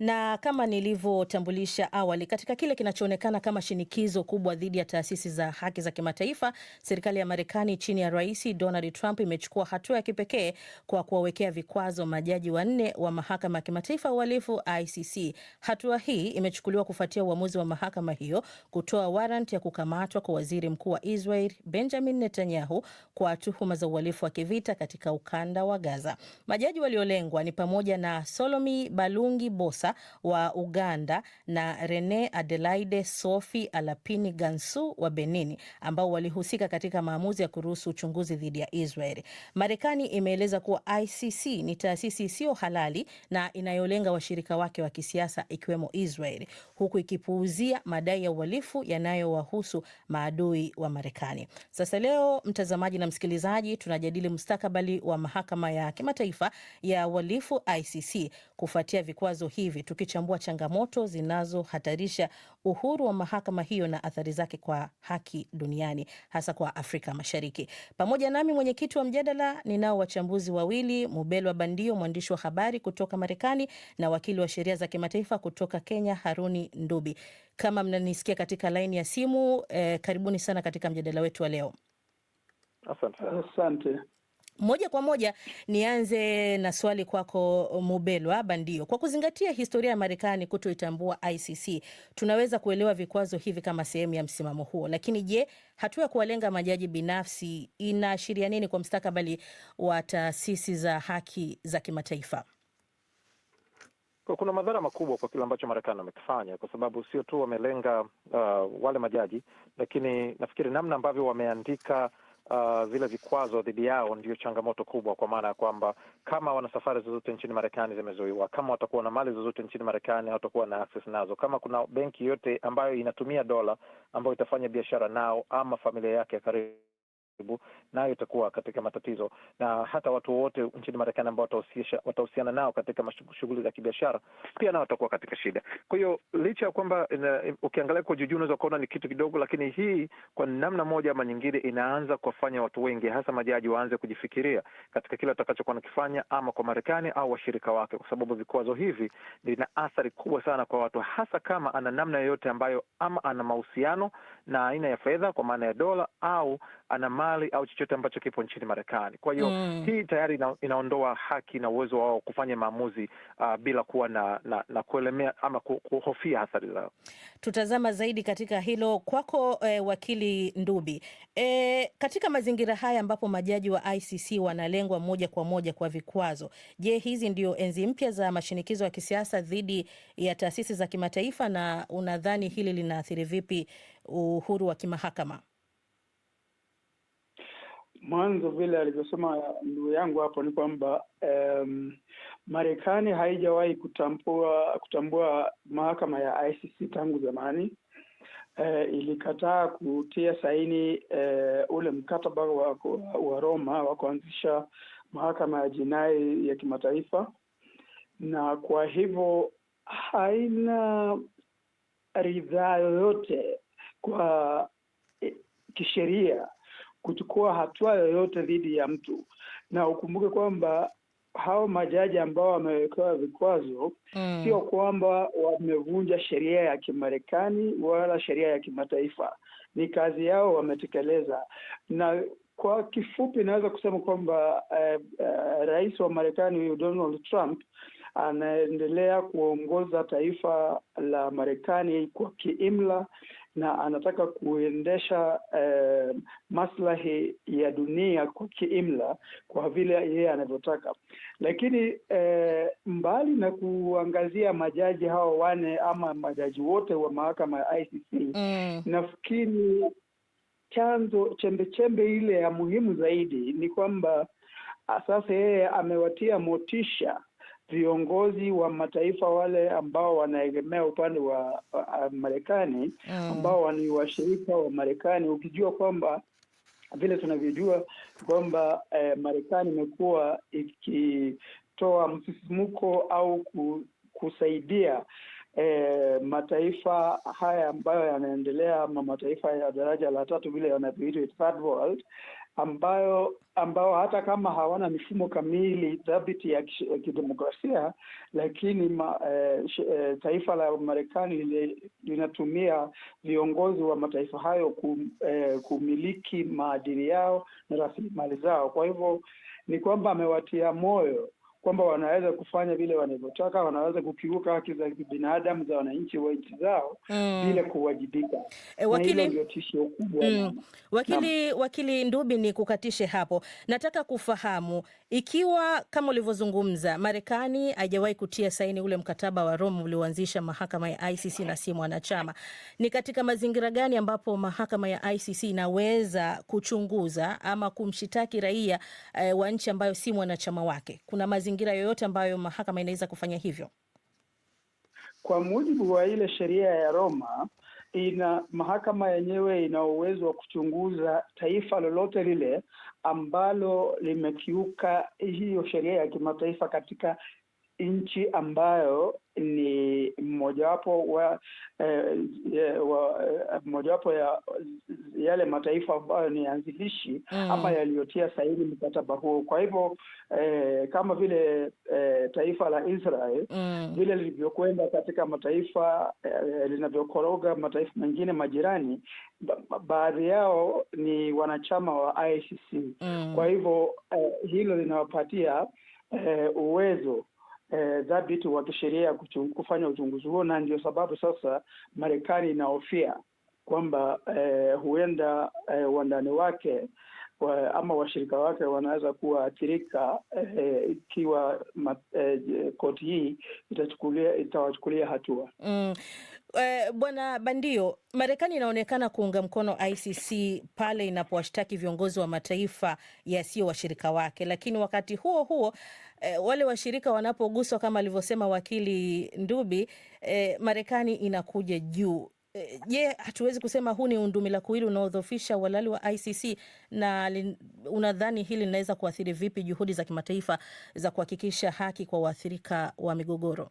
na kama nilivyotambulisha awali, katika kile kinachoonekana kama shinikizo kubwa dhidi ya taasisi za haki za kimataifa, serikali ya Marekani chini ya Rais Donald Trump imechukua hatua ya kipekee kwa kuwawekea vikwazo majaji wanne wa mahakama ya kimataifa ya uhalifu ICC. Hatua hii imechukuliwa kufuatia uamuzi wa mahakama hiyo kutoa warant ya kukamatwa kwa waziri mkuu wa Israel Benjamin Netanyahu kwa tuhuma za uhalifu wa kivita katika ukanda wa Gaza. Majaji waliolengwa ni pamoja na Solomi Balungi Bosa Musa wa Uganda na Rene Adelaide Sofi Alapini Gansu wa Benin ambao walihusika katika maamuzi ya kuruhusu uchunguzi dhidi ya Israel. Marekani imeeleza kuwa ICC ni taasisi isiyo halali na inayolenga washirika wake wa kisiasa ikiwemo Israel, huku ikipuuzia madai ya uhalifu yanayowahusu maadui wa Marekani. Sasa leo, mtazamaji na msikilizaji, tunajadili mustakabali wa mahakama ya kimataifa ya uhalifu ICC kufuatia vikwazo hivi hivi tukichambua changamoto zinazohatarisha uhuru wa mahakama hiyo na athari zake kwa haki duniani hasa kwa Afrika Mashariki. Pamoja nami mwenyekiti wa mjadala ninao wachambuzi wawili, Mubelwa Bandio, mwandishi wa habari kutoka Marekani na wakili wa sheria za kimataifa kutoka Kenya, Haruni Ndubi. Kama mnanisikia katika laini ya simu eh, karibuni sana katika mjadala wetu wa leo. Asante. Moja kwa moja nianze na swali kwako Mubelwa Bandio. Kwa kuzingatia historia ya Marekani kutoitambua ICC, tunaweza kuelewa vikwazo hivi kama sehemu ya msimamo huo, lakini je, hatua ya kuwalenga majaji binafsi inaashiria nini kwa mstakabali wa taasisi za haki za kimataifa? Kuna madhara makubwa kwa kile ambacho Marekani wamekifanya, kwa sababu sio tu wamelenga uh, wale majaji, lakini nafikiri namna ambavyo wameandika uh, vile vikwazo dhidi yao ndiyo changamoto kubwa, kwa maana ya kwamba kama wana safari zozote nchini Marekani zimezuiwa, kama watakuwa na mali zozote nchini Marekani hawatakuwa na access nazo, kama kuna benki yote ambayo inatumia dola ambayo itafanya biashara nao ama familia yake ya karibu nayo itakuwa katika matatizo, na hata watu wote nchini Marekani ambao watahusiana nao katika shughuli za kibiashara pia nao watakuwa katika shida. Kwa hiyo licha ya kwamba ukiangalia kwa juu juu unaweza ukaona ni kitu kidogo, lakini hii kwa namna moja ama nyingine inaanza kuwafanya watu wengi, hasa majaji, waanze kujifikiria katika kile watakachokuwa nakifanya ama kwa Marekani au washirika wake, kwa sababu vikwazo hivi vina athari kubwa sana kwa watu, hasa kama ana namna yoyote ambayo ama ana mahusiano na aina ya fedha kwa maana ya dola au ana mali au chochote ambacho kipo nchini Marekani. Kwa hiyo mm. hii tayari ina, inaondoa haki na uwezo wao kufanya maamuzi uh, bila kuwa na, na, na kuelemea ama kuhofia athari zao. Tutazama zaidi katika hilo kwako, eh, wakili Ndubi. Eh, katika mazingira haya ambapo majaji wa ICC wanalengwa moja kwa moja kwa vikwazo, je, hizi ndio enzi mpya za mashinikizo ya kisiasa dhidi ya taasisi za kimataifa na unadhani hili linaathiri vipi uhuru wa kimahakama? mwanzo vile alivyosema ndugu yangu hapo ni kwamba um, Marekani haijawahi kutambua kutambua mahakama ya ICC tangu zamani. Uh, ilikataa kutia saini uh, ule mkataba wa, wa Roma wa kuanzisha mahakama ya jinai ya kimataifa, na kwa hivyo haina ridhaa yoyote kwa e, kisheria kuchukua hatua yoyote dhidi ya mtu, na ukumbuke kwamba hao majaji ambao wamewekewa vikwazo mm, sio kwamba wamevunja sheria ya Kimarekani wala sheria ya kimataifa, ni kazi yao wametekeleza. Na kwa kifupi, naweza kusema kwamba eh, eh, rais wa Marekani Donald Trump anaendelea kuongoza taifa la Marekani kwa kiimla na anataka kuendesha eh, maslahi ya dunia kwa kiimla kwa vile yeye anavyotaka. Lakini eh, mbali na kuangazia majaji hao wane ama majaji wote wa mahakama ya ICC mm. nafikiri chanzo chembechembe ile ya muhimu zaidi ni kwamba ah, sasa yeye amewatia motisha viongozi wa mataifa wale ambao wanaegemea upande wa, wa, wa Marekani mm. ambao ni washirika wa Marekani, ukijua kwamba vile tunavyojua kwamba eh, Marekani imekuwa ikitoa msisimuko au kusaidia eh, mataifa haya ambayo yanaendelea ama mataifa ya daraja la tatu vile yanavyoitwa third world ambayo ambao hata kama hawana mifumo kamili thabiti ya kidemokrasia lakini ma, eh, sh, eh, taifa la Marekani linatumia viongozi wa mataifa hayo kum, eh, kumiliki maadili yao na rasilimali zao. Kwa hivyo ni kwamba amewatia moyo kwamba wanaweza kufanya vile wanavyotaka, wanaweza kukiuka haki za binadamu za wananchi wa nchi zao mm. bila kuwajibika. E, wakili, tishio kubwa mm. wakili, wakili Ndubi, ni kukatishe hapo. Nataka kufahamu ikiwa kama ulivyozungumza, Marekani haijawahi kutia saini ule mkataba wa Rome ulioanzisha mahakama ya ICC na si mwanachama, ni katika mazingira gani ambapo mahakama ya ICC inaweza kuchunguza ama kumshitaki raia eh, wa nchi ambayo si mwanachama wake? Kuna mazingira mazingira yoyote ambayo mahakama inaweza kufanya hivyo? Kwa mujibu wa ile sheria ya Roma ina mahakama yenyewe ina uwezo wa kuchunguza taifa lolote lile ambalo limekiuka hiyo sheria ya kimataifa katika nchi ambayo ni mmojawapo wa, eh, eh wa, eh, mojawapo ya yale mataifa ambayo ni anzilishi mm. ama yaliyotia saini mkataba huo. Kwa hivyo eh, kama vile eh, taifa la Israel mm. vile lilivyokwenda katika mataifa eh, linavyokoroga mataifa mengine majirani, baadhi yao ni wanachama wa ICC mm. kwa hivyo eh, hilo linawapatia eh, uwezo eh, dhabiti e, wa kisheria kufanya uchunguzi huo, na ndio sababu sasa Marekani inahofia kwamba eh, huenda eh, wandani wake wa, ama washirika wake wanaweza kuwaathirika eh, ikiwa eh, eh, koti hii itachukulia itawachukulia hatua mm. Eh, Bwana Bandio, Marekani inaonekana kuunga mkono ICC pale inapowashtaki viongozi wa mataifa yasiyo washirika wake, lakini wakati huo huo eh, wale washirika wanapoguswa kama alivyosema wakili Ndubi eh, Marekani inakuja juu. Je, yeah, hatuwezi kusema huu ni undumila kuili unaodhofisha uhalali wa ICC na unadhani hili linaweza kuathiri vipi juhudi za kimataifa za kuhakikisha haki kwa waathirika wa migogoro?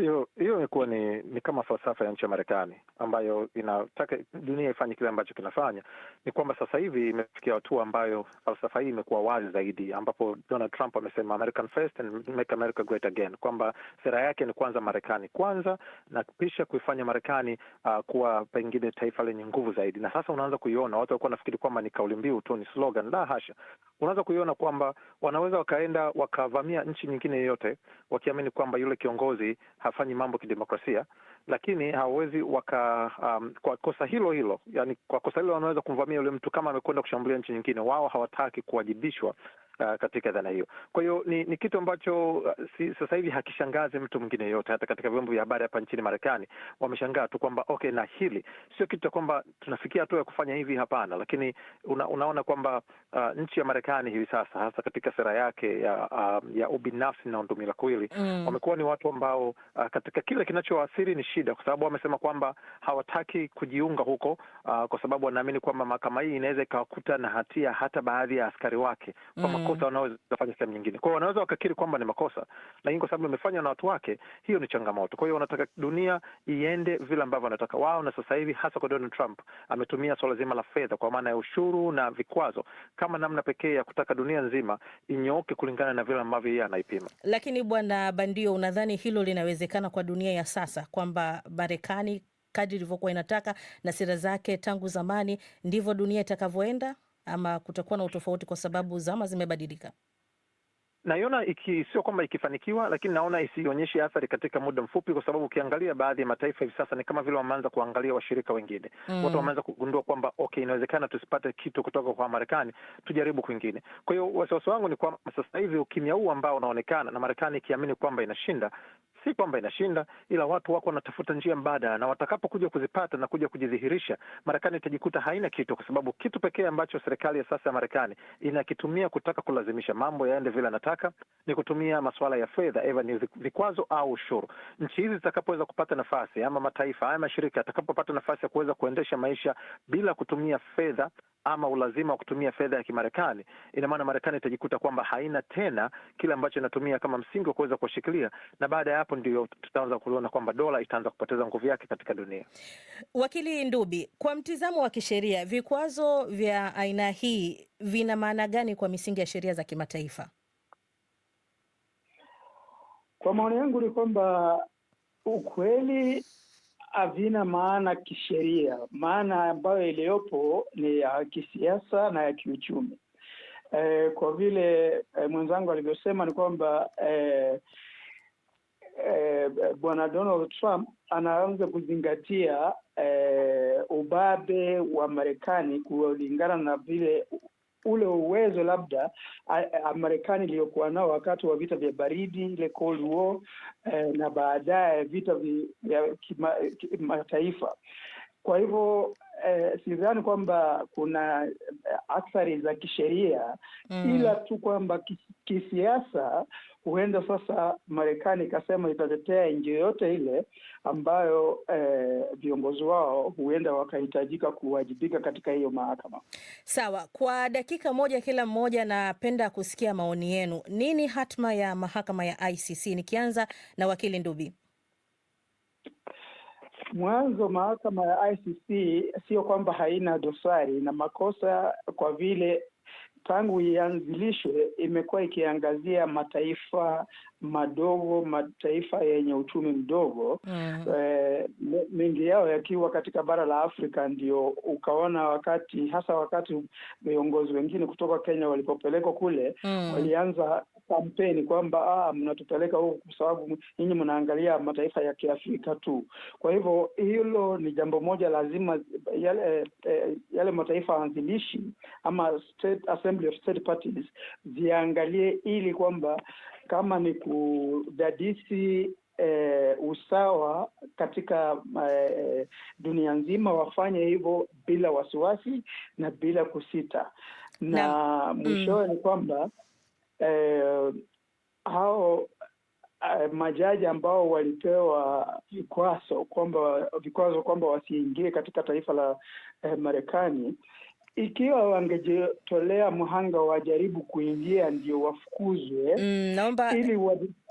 hiyo hiyo imekuwa ni ni kama falsafa ya nchi ya Marekani ambayo inataka dunia ifanye kile ambacho kinafanya. Ni kwamba sasa hivi imefikia hatua ambayo falsafa hii imekuwa wazi zaidi, ambapo Donald Trump amesema American first and make America great again, kwamba sera yake ni kwanza Marekani kwanza na kisha kuifanya Marekani uh, kuwa pengine taifa lenye nguvu zaidi. Na sasa unaanza kuiona watu walikuwa nafikiri kwamba ni kauli mbiu tu, ni slogan. La hasha, unaanza kuiona kwamba wanaweza wakaenda wakavamia nchi nyingine yoyote wakiamini kwamba yule kiongozi hafanyi mambo kidemokrasia, lakini hawawezi waka um, kwa kosa hilo hilo, yani kwa kosa hilo wanaweza kumvamia yule mtu kama amekwenda kushambulia nchi nyingine. Wao hawataki kuwajibishwa uh, katika dhana hiyo. Kwa hiyo ni, ni kitu ambacho ah, si, sasa hivi hakishangazi mtu mwingine yote, hata katika vyombo vya habari hapa nchini Marekani wameshangaa tu kwamba okay, na hili sio kitu cha kwamba tunafikia hatua ya kufanya hivi, hapana. Lakini una, unaona kwamba uh, nchi ya Marekani hivi sasa hasa katika sera yake ya, uh, ya ubinafsi na undumila kweli mm. wamekuwa ni watu ambao uh, katika kile kinachoathiri ni shida, kwa sababu wamesema kwamba hawataki kujiunga huko uh, kwa sababu wanaamini kwamba mahakama hii inaweza ikawakuta na hatia hata baadhi ya askari wake kwa mm makosa mm. wanaweza fanya sehemu nyingine. Kwa hiyo wanaweza wakakiri kwamba ni makosa, lakini kwa sababu imefanywa na watu wake, hiyo ni changamoto. Kwa hiyo wanataka dunia iende vile ambavyo wanataka wao, na sasa hivi hasa kwa Donald Trump ametumia swala zima la fedha, kwa maana ya ushuru na vikwazo, kama namna pekee ya kutaka dunia nzima inyooke kulingana na vile ambavyo yeye anaipima. Lakini Bwana Bandio, unadhani hilo linawezekana kwa dunia ya sasa, kwamba Marekani kadri ilivyokuwa inataka na sera zake tangu zamani ndivyo dunia itakavyoenda? ama kutakuwa na utofauti kwa sababu zama zimebadilika? Naiona iki sio kwamba ikifanikiwa, lakini naona isionyeshe athari katika muda mfupi, kwa sababu ukiangalia baadhi ya mataifa hivi sasa ni kama vile wameanza kuangalia washirika wengine mm. Watu wameanza kugundua kwamba okay, inawezekana tusipate kitu kutoka kwa Marekani, tujaribu kwingine. Kwa hiyo wasiwasi wangu ni kwamba sasa hivi ukimya huu ambao unaonekana na Marekani ikiamini kwamba inashinda si kwamba inashinda, ila watu wako wanatafuta njia mbadala, na watakapokuja kuzipata na kuja kujidhihirisha, Marekani itajikuta haina kitu, kwa sababu kitu pekee ambacho serikali ya sasa ya Marekani inakitumia kutaka kulazimisha mambo yaende vile anataka ni kutumia masuala ya fedha, eva ni vikwazo au ushuru. Nchi hizi zitakapoweza kupata nafasi, ama mataifa haya mashirika yatakapopata nafasi ya kuweza kuendesha maisha bila kutumia fedha ama ulazima wa kutumia fedha ya Kimarekani, ina maana Marekani itajikuta kwamba haina tena kile ambacho inatumia kama msingi wa kuweza kuwashikilia, na baada ya hapo hapo ndio tutaanza kuliona kwamba dola itaanza kupoteza nguvu yake katika dunia. Wakili Ndubi, kwa mtizamo wa kisheria, vikwazo vya aina hii vina maana gani kwa misingi ya sheria za kimataifa? Kwa maoni yangu ni kwamba ukweli havina maana kisheria. Maana ambayo iliyopo ni ya kisiasa na ya kiuchumi. E, kwa vile e, mwenzangu alivyosema ni kwamba e, eh, Bwana Donald Trump anaanza kuzingatia eh, ubabe wa Marekani kulingana na vile ule uwezo labda Marekani iliyokuwa nao wakati wa vita vya baridi ile Cold War eh, na baadaye vita vya kimataifa. Kwa hivyo Eh, sidhani kwamba kuna eh, athari za kisheria mm. ila tu kwamba kisiasa huenda sasa Marekani ikasema itatetea nji yoyote ile ambayo eh, viongozi eh, wao huenda wakahitajika kuwajibika katika hiyo mahakama. Sawa, kwa dakika moja kila mmoja, napenda kusikia maoni yenu. Nini hatma ya mahakama ya ICC? Nikianza na wakili Ndubi. Mwanzo mahakama ya ICC sio kwamba haina dosari na makosa, kwa vile tangu ianzilishwe imekuwa ikiangazia mataifa madogo mataifa yenye uchumi mdogo mm. E, mengi yao yakiwa katika bara la Afrika, ndio ukaona wakati hasa wakati viongozi wengine kutoka Kenya walipopelekwa kule mm. walianza kampeni kwamba ah, mnatupeleka huku kwa sababu nyinyi mnaangalia mataifa ya Kiafrika tu. Kwa hivyo hilo ni jambo moja, lazima yale, eh, yale mataifa anzilishi ama State Assembly of State Parties ziangalie ili kwamba kama ni kudadisi eh, usawa katika eh, dunia nzima, wafanye hivyo bila wasiwasi na bila kusita, na, na mm. mwishowe mm. ni kwamba eh, hao eh, majaji ambao walipewa vikwazo kwamba vikwazo kwamba wasiingie katika taifa la eh, Marekani ikiwa wangejitolea mhanga wajaribu kuingia ndio wafukuzwe, mm, naomba ili eh.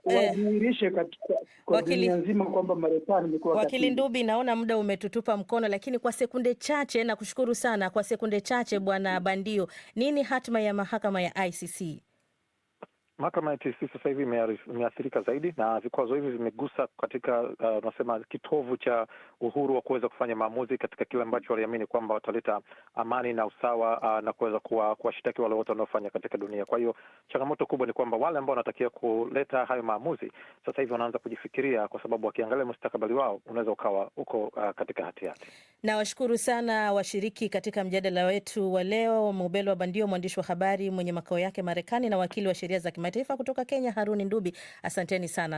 wadhihirishe eh, katika kwa nzima kwamba Marekani imekuwa. Wakili Ndubi, naona muda umetutupa mkono, lakini kwa sekunde chache, nakushukuru sana. Kwa sekunde chache, Bwana Bandio, nini hatma ya mahakama ya ICC? Mahakama ya TC sasa hivi imeathirika zaidi, na vikwazo hivi vimegusa katika unasema, uh, kitovu cha uhuru wa kuweza kufanya maamuzi katika kile ambacho waliamini kwamba wataleta amani na usawa, uh, na kuweza kuwashitaki wale wote wanaofanya katika dunia. Kwa hiyo changamoto kubwa ni kwamba wale ambao wanatakiwa kuleta hayo maamuzi sasa hivi wanaanza kujifikiria, kwa sababu wakiangalia mustakabali wao unaweza ukawa uko uh, katika hati Nawashukuru sana washiriki katika mjadala wetu wa leo, Mubelwa Bandio, mwandishi wa habari mwenye makao yake Marekani na wakili wa sheria za kimataifa kutoka Kenya, Haruni Ndubi, asanteni sana.